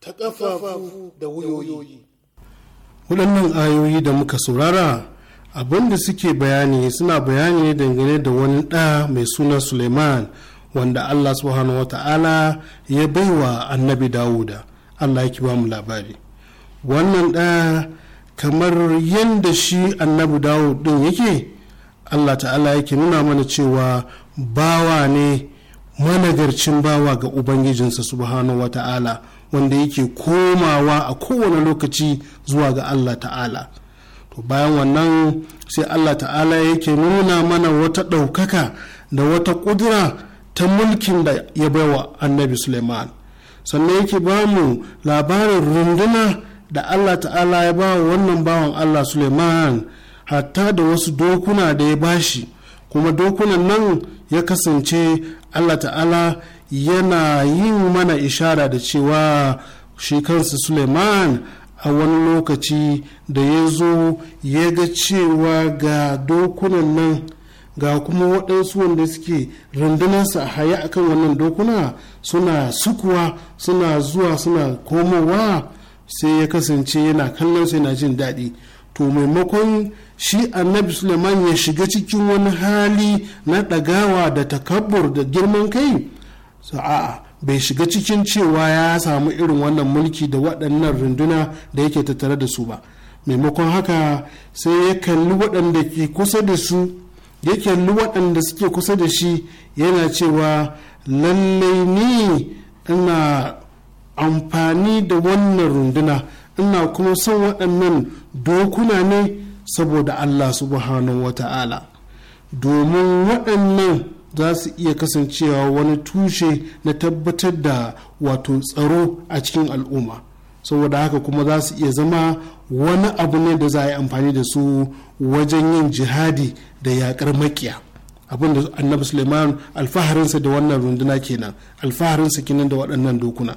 ta ƙafafu da wuyoyi waɗannan ayoyi da muka saurara abin da suke bayani suna bayani dangane da wani ɗa mai suna suleiman wanda allah subhanahu wa ta'ala ya baiwa annabi dawuda allah ya ba mu labari wannan ɗa kamar yadda shi annabi dawud ɗin yake allah ta'ala yake nuna mana cewa bawa ne managarcin bawa ga ubangijinsa subhanahu ta'ala wanda yake komawa a kowane lokaci zuwa ga allah ta'ala to bayan wannan sai allah ta'ala yake nuna mana wata ɗaukaka da wata ƙudura ta mulkin da ya baiwa annabi suleiman sannan yake ba mu labarin runduna da allah ta'ala ya ba wannan bawan allah suleiman hatta da wasu dokuna da ya bashi kuma dokunan nan ya kasance allah ta'ala yana yin mana ishara da cewa shi kansa suleiman a wani lokaci da ya zo ya ga cewa ga dokunan nan ga kuma waɗansu wanda suke rundunarsa a haya akan wannan dokuna suna sukuwa suna zuwa suna komowa sai ya kasance yana kallon sai na jin daɗi to maimakon shi annabi suleiman ya shiga cikin wani hali na ɗagawa da takabbur da girman kai a'a bai shiga cikin cewa ya samu irin wannan mulki da waɗannan runduna da yake tattare da su ba maimakon haka sai ya kalli waɗanda ke kusa da su ya kalli waɗanda suke kusa da shi yana cewa lallai ni ina amfani da wannan runduna ina kuma son waɗannan dokuna ne saboda Allah subhanahu wa ta'ala domin waɗannan za su iya kasancewa wani tushe na tabbatar da wato tsaro a cikin al'umma saboda haka kuma za su iya zama wani abu ne da za a yi amfani da su wajen yin jihadi da yaƙar makiya abin annabi suleiman alfaharinsa da wannan runduna kenan alfaharinsa kenan da waɗannan dokuna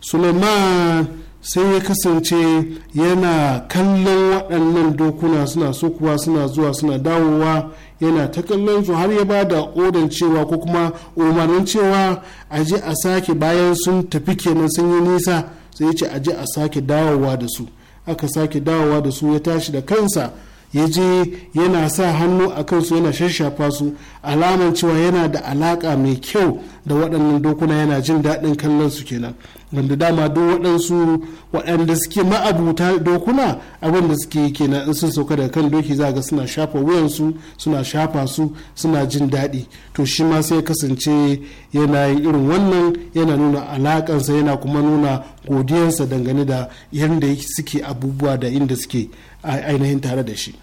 suleiman sai ya kasance yana kallon waɗannan dokuna suna sokuwa suna zuwa suna dawowa yana ta kallon su har ya ba da odan cewa ko kuma umarnin cewa a je a sake bayan sun tafi kenan sun yi nisa sai ce a je a sake dawowa da su aka sake dawowa da su ya tashi da kansa ya je yana sa hannu a kansu yana shashafa su alaman cewa yana da alaka mai kyau da waɗannan dokuna yana jin daɗin kallon su kenan wanda dama duk waɗansu waɗanda suke ma'abuta dokuna abin da suke kenan in sun sauka daga kan doki za ga suna shafa wuyansu suna shafa su suna jin daɗi to shi ma sai kasance yana yin irin wannan yana nuna alakansa yana kuma nuna godiyarsa dangane da yadda suke abubuwa da inda suke ainihin tare da shi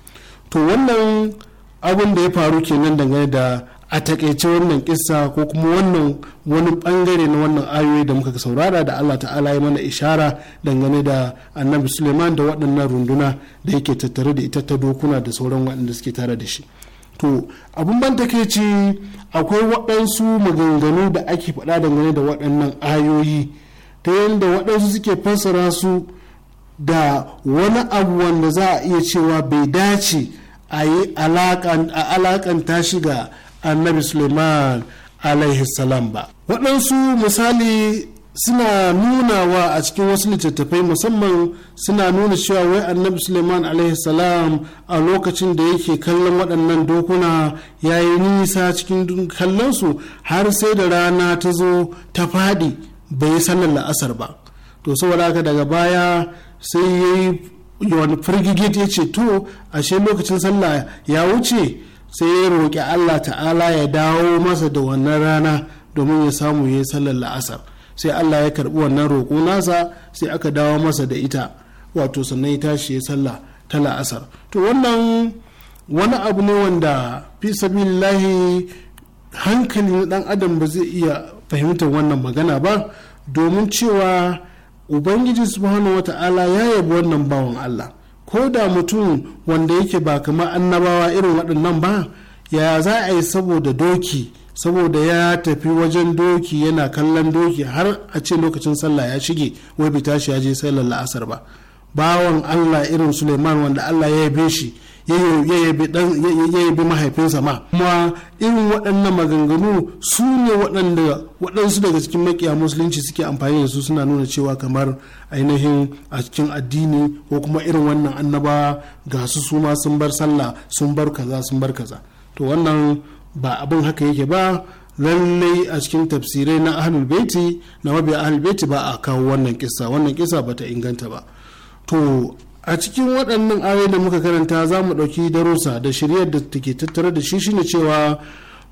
to wannan abin da ya faru kenan dangane da a takaice wannan kissa ko kuma wannan wani bangare na wannan ayoyi da muka saurara da Allah ta'ala ya mana ishara dangane da annabi Suleiman da waɗannan runduna da yake tattare da ita ta dokuna da sauran waɗanda suke tare da shi to abin ban takaici akwai waɗansu maganganu da ake faɗa dangane da waɗannan ayoyi ta yadda waɗansu suke fassara su da wani abu wanda za a iya cewa bai dace a yi alakanta shi ga annabi suleiman alaihi salam ba waɗansu misali suna nuna wa a cikin wasu littattafai musamman suna nuna cewa wai annabi suleiman alaihi salam a lokacin da yake kallon waɗannan dokuna ya yi nisa cikin kallonsu har sai da rana ta zo ta faɗi bai sanar la'asar ba to saboda haka daga baya sai ya yi firgigit ya ce to ashe lokacin sallah ya wuce sai ya roƙi allah ta'ala ya dawo masa da wannan rana domin ya samu ya sallar la'asar sai allah ya karɓi wannan roƙo nasa sai aka dawo masa da ita wato sannan ya tashi ya sallah ta la'asar to wannan wani abu ne wanda fi sabilillahi hankali na dan adam ba zai iya fahimtar wannan magana ba domin cewa ubangiji subhanahu wata'ala ya yabi wannan bawan allah ko da mutum wanda yake ba kamar annabawa irin waɗannan ba ya za a yi saboda doki saboda ya tafi wajen doki yana kallon doki har a ce lokacin sallah ya shige wai bi tashi ya je sallar la'asar ba bawan allah irin suleiman wanda allah ya yabe shi ya bi mahaifinsa ma kuma irin waɗannan maganganu su ne waɗansu daga cikin makiya musulunci suke amfani da su suna nuna cewa kamar ainihin a cikin addini ko kuma irin wannan annaba ga su su ma sun bar sallah sun bar kaza sun bar kaza to wannan ba abin haka yake ba lallai a cikin tafsirai na ahlul baiti na mabiya ahlul baiti ba a kawo wannan kisa wannan kisa bata inganta ba to a cikin waɗannan ayoyi da muka karanta za mu ɗauki darusa da shirya da take tattare da shi shine cewa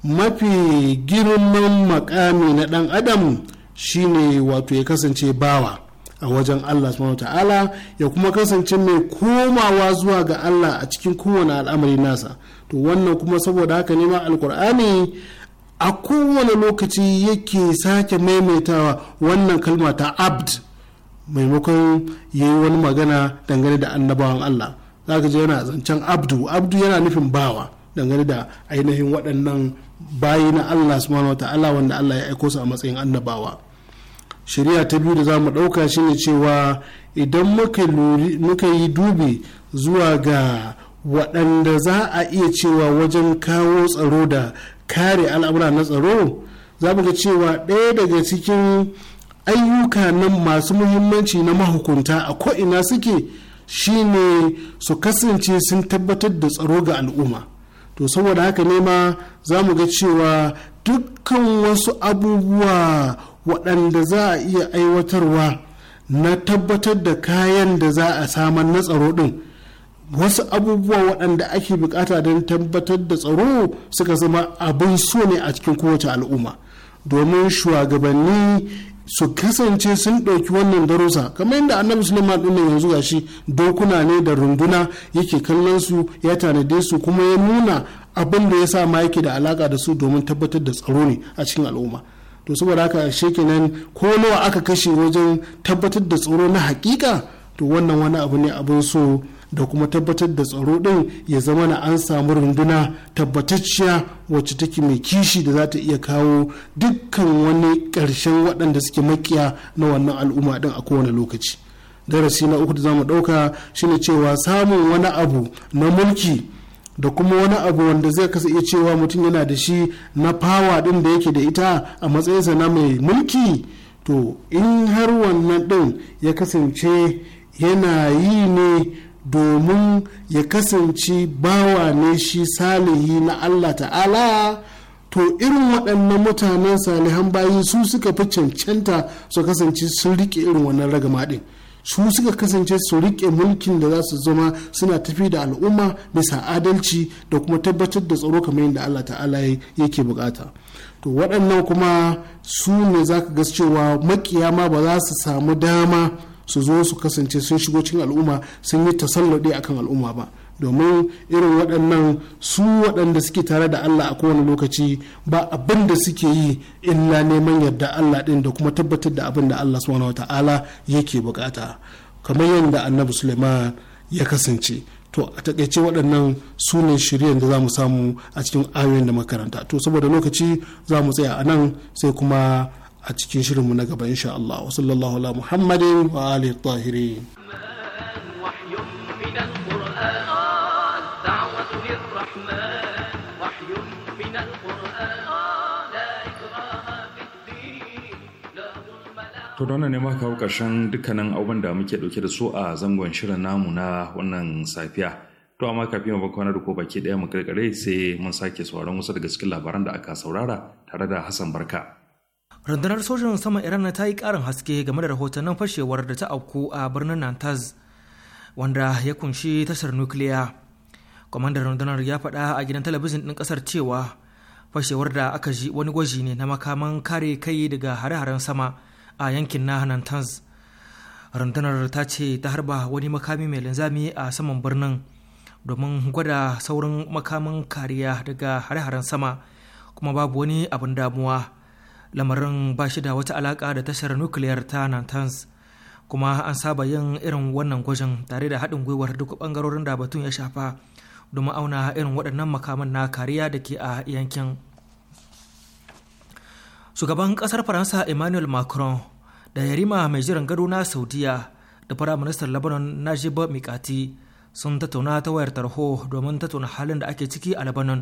mafi girman makami na ɗan adam shine wato ya kasance bawa a wajen Allah subhanahu ta'ala ya kuma kasance mai komawa zuwa ga Allah a cikin kowane al'amari nasa to wannan kuma saboda haka ne ma alkur'ani a kowane lokaci yake sake maimaitawa wannan kalma ta abd maimakon ya yi wani magana dangane da annabawan Allah za ka yana zancen abdu abdu yana nufin bawa dangane da ainihin waɗannan bayi na Allah subhanahu wata'ala wanda Allah ya aiko su a matsayin annabawa shari'a ta biyu da za mu ɗauka shine cewa idan muka yi dubi zuwa ga waɗanda za a iya cewa wajen kawo tsaro da kare al'amura na tsaro za mu ga cewa ɗaya daga cikin ayyuka nan masu muhimmanci na mahukunta a ko'ina suke shine su kasance sun tabbatar da tsaro ga al'umma to saboda haka ne ma za mu ga cewa dukkan wasu abubuwa waɗanda za a iya aiwatarwa na tabbatar da kayan da za a samar na tsaro ɗin wasu abubuwa waɗanda ake bukata don tabbatar da tsaro suka zama abin so ne a cikin kowace al'umma domin shugabanni su kasance sun ɗauki wannan darussa kamar yadda annabi suleiman ɗin yanzu ga gashi dokuna ne da runduna yake kallon su ya tanade su kuma ya nuna abin da ya sa ma yake da alaka da su domin tabbatar da tsaro ne a cikin al'umma to saboda haka shekenan ko nawa aka kashe wajen tabbatar da tsaro na hakika to wannan wani abu ne abin so da kuma tabbatar da tsaro ɗin ya zama na an samu runduna tabbatacciya wacce take mai kishi da za ta iya kawo dukkan wani ƙarshen waɗanda suke makiya na wannan al'umma ɗin a kowane lokaci darasi na uku da za mu ɗauka shine cewa samun wani abu na mulki da kuma wani abu wanda zai kasa iya cewa mutum yana da shi na fawa ɗin da yake da ita a matsayinsa na mai mulki to in har wannan ɗin ya kasance yana yi ne domin ya kasance bawa ne shi salihi na Allah ta'ala to irin waɗannan mutanen salihan bayi su suka fi cancanta su kasance sun rike irin wannan ragama ɗin su suka kasance su riƙe mulkin da za su zama suna tafi da al'umma bisa adalci da kuma tabbatar da tsaro kamar yadda Allah ta'ala yake bukata to waɗannan kuma su ne za ka cewa makiyama ba za su samu dama su zo su kasance sun shigo cikin al'umma sun yi tasallaɗe akan al'umma ba domin irin waɗannan su waɗanda suke tare da Allah a kowane lokaci ba abin da suke yi illa neman yadda Allah ɗin da kuma tabbatar da abin da Allah subhanahu ta'ala yake bukata kamar yadda annabi Suleiman ya kasance to a takaice waɗannan su ne shiryen da za mu samu a cikin ayoyin da makaranta to saboda lokaci za mu tsaya a nan sai kuma a cikin shirinmu na gaba insha Allah wa sallallahu ala muhammadin wa alihi tahirin To da wannan ne maka kawo ƙarshen dukkanin abubuwan da muke ɗauke da su a zangon shirin namu na wannan safiya. To amma kafin mu kwana da ko baki ɗaya mu kirkire sai mun sake sauraron wasu daga cikin labaran da aka saurara tare da Hassan Barka. rundunar sojin saman iran ta yi karin haske game da rahoton rahotannin fashewar da ta auku a birnin nantas wanda ya kunshi tashar nukiliya kwamandar rundunar ya faɗa a gidan talabijin ɗin ƙasar cewa fashewar da aka ji wani gwaji ne na makaman kare kai daga hare-haren sama a yankin na nantas rundunar ta ce ta harba wani makami mai linzami a saman birnin domin gwada saurin makamin kariya daga hare-haren sama kuma babu wani abin damuwa lamarin ba shi da wata alaka da tashar nukiliyar ta tans kuma an saba yin irin wannan gwajin tare da haɗin gwiwar duk ɓangarorin da batun ya shafa domin auna irin waɗannan makaman na kariya da ke a yankin shugaban ƙasar faransa emmanuel macron da yarima mai jiran gado na saudiya da firaministan lebanon najib mikati sun tattauna ta wayar tarho domin tattauna halin da ake ciki a lebanon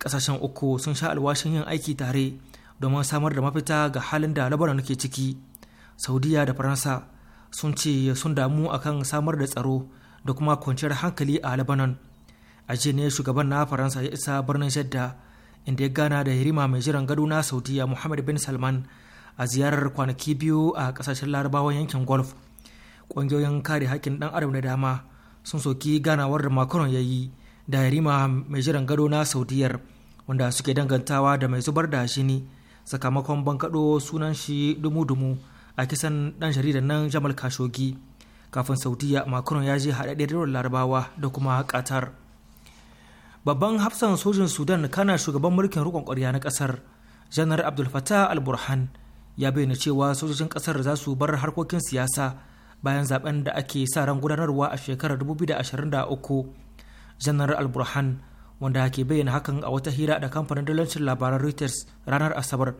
ƙasashen uku sun sha alwashin yin aiki tare domin samar da mafita ga halin da labaran ke ciki saudiya da faransa sun ce sun damu akan samar da tsaro da kuma kwanciyar hankali a lebanon a ne shugaban na faransa ya isa birnin shadda inda ya gana da hirima mai jiran gado na saudiya muhammad bin salman a ziyarar kwanaki biyu a kasashen larabawan yankin golf ƙungiyoyin kare haƙƙin ɗan adam da dama sun soki ganawar da macron ya yi da hirima mai jiran gado na saudiyar wanda suke dangantawa da mai zubar da shini sakamakon bankaɗo sunan shi dumu-dumu a kisan ɗan jaridan nan jamal kashogi kafin saudiya macron ya je haɗaɗɗiyar larabawa da kuma ƙatar babban hafsan sojin sudan kana shugaban mulkin rukun ƙwarya na ƙasar janar abdul fatah al-burhan ya bayyana cewa sojojin ƙasar za su bar harkokin siyasa bayan zaben da ake sa ran gudanarwa a shekarar 2023 janar al-burhan wanda ke bayyana hakan a wata hira da kamfanin dalancin labaran reuters ranar asabar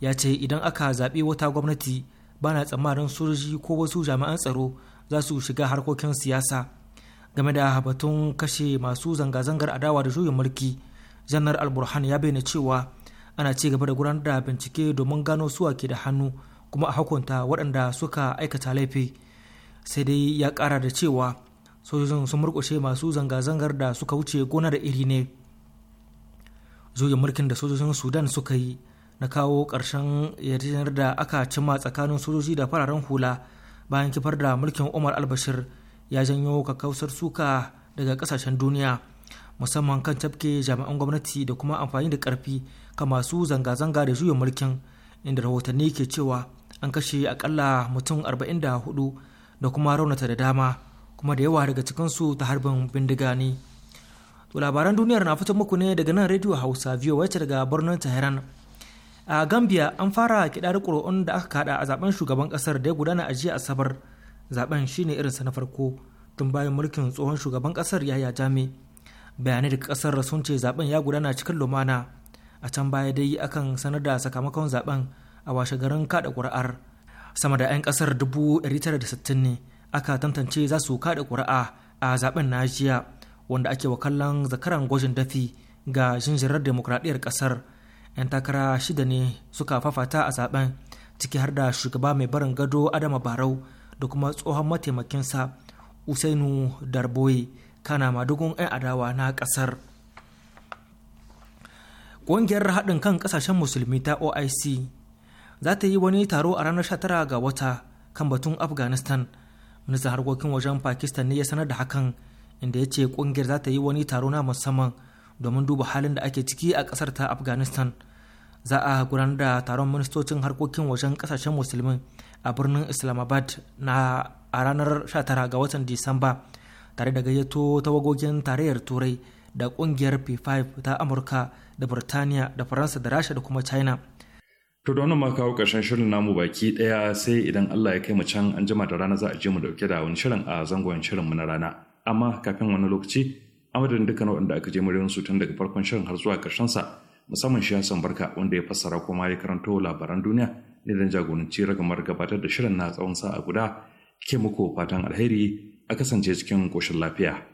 ya ce idan aka zaɓi wata gwamnati bana tsammanin sojoji ko wasu jami'an tsaro za su shiga harkokin siyasa game da batun kashe masu zanga-zangar adawa da juyin mulki janar alburhan ya bayyana cewa ana ci gaba da gudanar da bincike domin gano suwa ke da hannu kuma a hukunta waɗanda suka aikata laifi sai dai ya ƙara da cewa sojojin sun murkushe masu zanga-zangar da suka wuce gona da iri ne zuwa mulkin da sojojin sudan suka yi na kawo ƙarshen yarjejeniyar da aka cimma tsakanin sojoji da fararen hula bayan kifar da mulkin umar albashir ya janyo kakkausar suka daga ƙasashen duniya musamman kan tafke jami'an gwamnati da kuma amfani da ƙarfi kan masu zanga-zanga da zuwa mulkin inda rahotanni ke cewa an kashe akalla mutum 44 da kuma raunata da dama kuma da yawa daga cikinsu ta harbin bindiga ne to labaran duniyar na fitar muku ne daga nan rediyo hausa biyu wacce daga birnin tehran a gambia an fara kidar ƙuri'un da aka kada a zaben shugaban kasar da ya gudana a jiya asabar zaben shine irinsa na farko tun bayan mulkin tsohon shugaban kasar yaya jami bayanai daga kasar sun ce zaben ya gudana cikin lumana a can baya dai akan sanar da sakamakon zaben a washe garin kada ƙuri'ar sama da 'yan kasar 1960 ne aka tantance za su kada ƙuri'a a zaben na wanda ake wa kallon zakaran gwajin dafi ga jinjirar demokradiyyar ƙasar 'yan takara shida ne suka fafata a zaben ciki har da shugaba mai barin gado adama barau da kuma tsohon mataimakinsa usainu darboye kana madugun 'yan adawa na ƙasar ƙungiyar haɗin kan ƙasashen musulmi ta oic za ta yi wani taro a ranar 19 ga wata kan batun afghanistan ministan harkokin wajen pakistan ne ya sanar da hakan inda ya ce kungiyar za ta yi wani taro na musamman domin duba halin da ake ciki a kasar ta afghanistan za a gudanar da taron ministocin harkokin wajen kasashen musulmin a birnin islamabad na a ranar 19 ga watan disamba tare da gayyato tawagogin tarayyar turai da kungiyar p5 ta amurka da burtaniya da faransa da rasha da kuma china To da wannan ma kawo ƙarshen shirin namu baki ɗaya sai idan Allah ya kai mu can an jima da rana za a je mu dauke da wani shirin a zangon shirin mu na rana. Amma kafin wani lokaci a madadin dukkan waɗanda aka je muryoyin su tun daga farkon shirin har zuwa ƙarshen sa musamman shi Hassan Barka wanda ya fassara kuma ya karanto labaran duniya ne dan jagoranci ragamar gabatar da shirin na tsawon sa'a guda ke muku fatan alheri a kasance cikin ƙoshin lafiya.